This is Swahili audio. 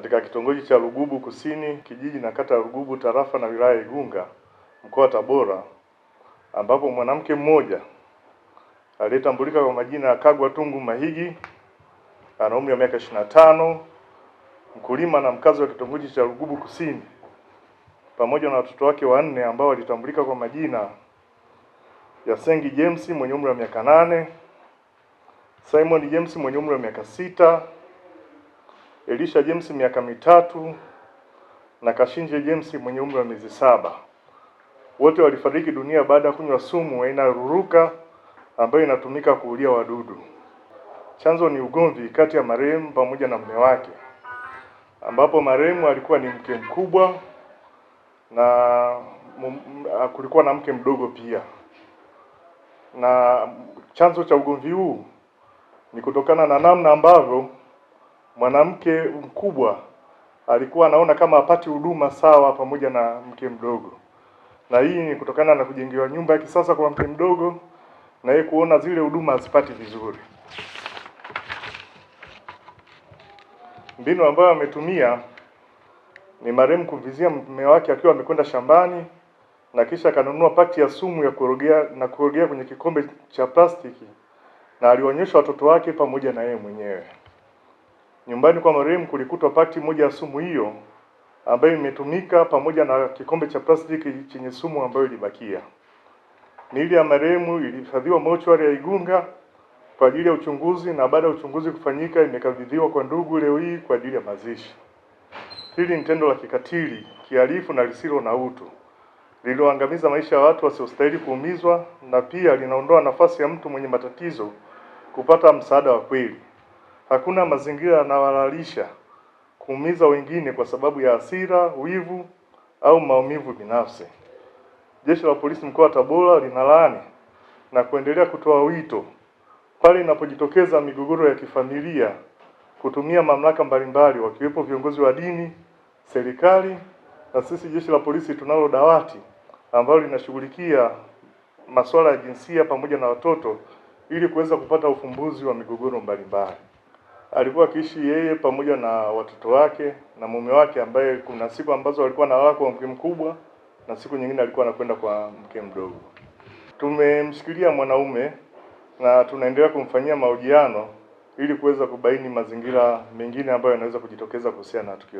katika kitongoji cha Lugubu Kusini, kijiji na kata ya Lugubu, tarafa na wilaya ya Igunga, mkoa wa Tabora, ambapo mwanamke mmoja aliyetambulika kwa majina ya Kagwa Tungu Mahigi ana umri wa miaka ishirini na tano, mkulima na mkazi wa kitongoji cha Lugubu Kusini, pamoja na watoto wake wanne ambao walitambulika kwa majina ya Sengi James mwenye umri wa miaka nane, Simon James mwenye umri wa miaka sita Elisha James miaka mitatu na Kashinje James mwenye umri wa miezi saba. Wote walifariki dunia baada ya kunywa sumu aina ya ruruka ambayo inatumika kuulia wadudu. Chanzo ni ugomvi kati ya marehemu pamoja na mume wake, ambapo marehemu alikuwa ni mke mkubwa na kulikuwa na mke mdogo pia, na chanzo cha ugomvi huu ni kutokana na namna ambavyo mwanamke mkubwa alikuwa anaona kama apati huduma sawa pamoja na mke mdogo, na hii ni kutokana na kujengewa nyumba ya kisasa kwa mke mdogo, na yeye kuona zile huduma azipati vizuri. Mbinu ambayo ametumia ni marehemu kumvizia mume wake akiwa amekwenda shambani, na kisha akanunua pakti ya sumu ya kurogea na kurogea kwenye kikombe cha plastiki, na alionyesha watoto wake pamoja na yeye mwenyewe. Nyumbani kwa marehemu kulikutwa pakiti moja ya sumu hiyo ambayo imetumika pamoja na kikombe cha plastiki chenye sumu ambayo ilibakia. Miili ya marehemu ilihifadhiwa mochwari ya Igunga kwa ajili ya uchunguzi na baada ya uchunguzi kufanyika imekabidhiwa kwa ndugu leo hii kwa ajili ya mazishi. Hili ni tendo la kikatili, kihalifu na lisilo na utu lililoangamiza maisha ya watu wasiostahili kuumizwa na pia linaondoa nafasi ya mtu mwenye matatizo kupata msaada wa kweli. Hakuna mazingira yanayohalalisha kuumiza wengine kwa sababu ya hasira, wivu au maumivu binafsi. Jeshi la Polisi mkoa wa Tabora linalaani na kuendelea kutoa wito pale inapojitokeza migogoro ya kifamilia kutumia mamlaka mbalimbali wakiwepo viongozi wa dini, serikali na sisi jeshi la polisi tunalo dawati ambalo linashughulikia masuala ya jinsia pamoja na watoto ili kuweza kupata ufumbuzi wa migogoro mbalimbali alikuwa akiishi yeye pamoja na watoto wake na mume wake, ambaye kuna siku ambazo alikuwa analala kwa mke mkubwa na siku nyingine alikuwa anakwenda kwa mke mdogo. Tumemshikilia mwanaume na tunaendelea kumfanyia mahojiano ili kuweza kubaini mazingira mengine ambayo yanaweza kujitokeza kuhusiana na tukio.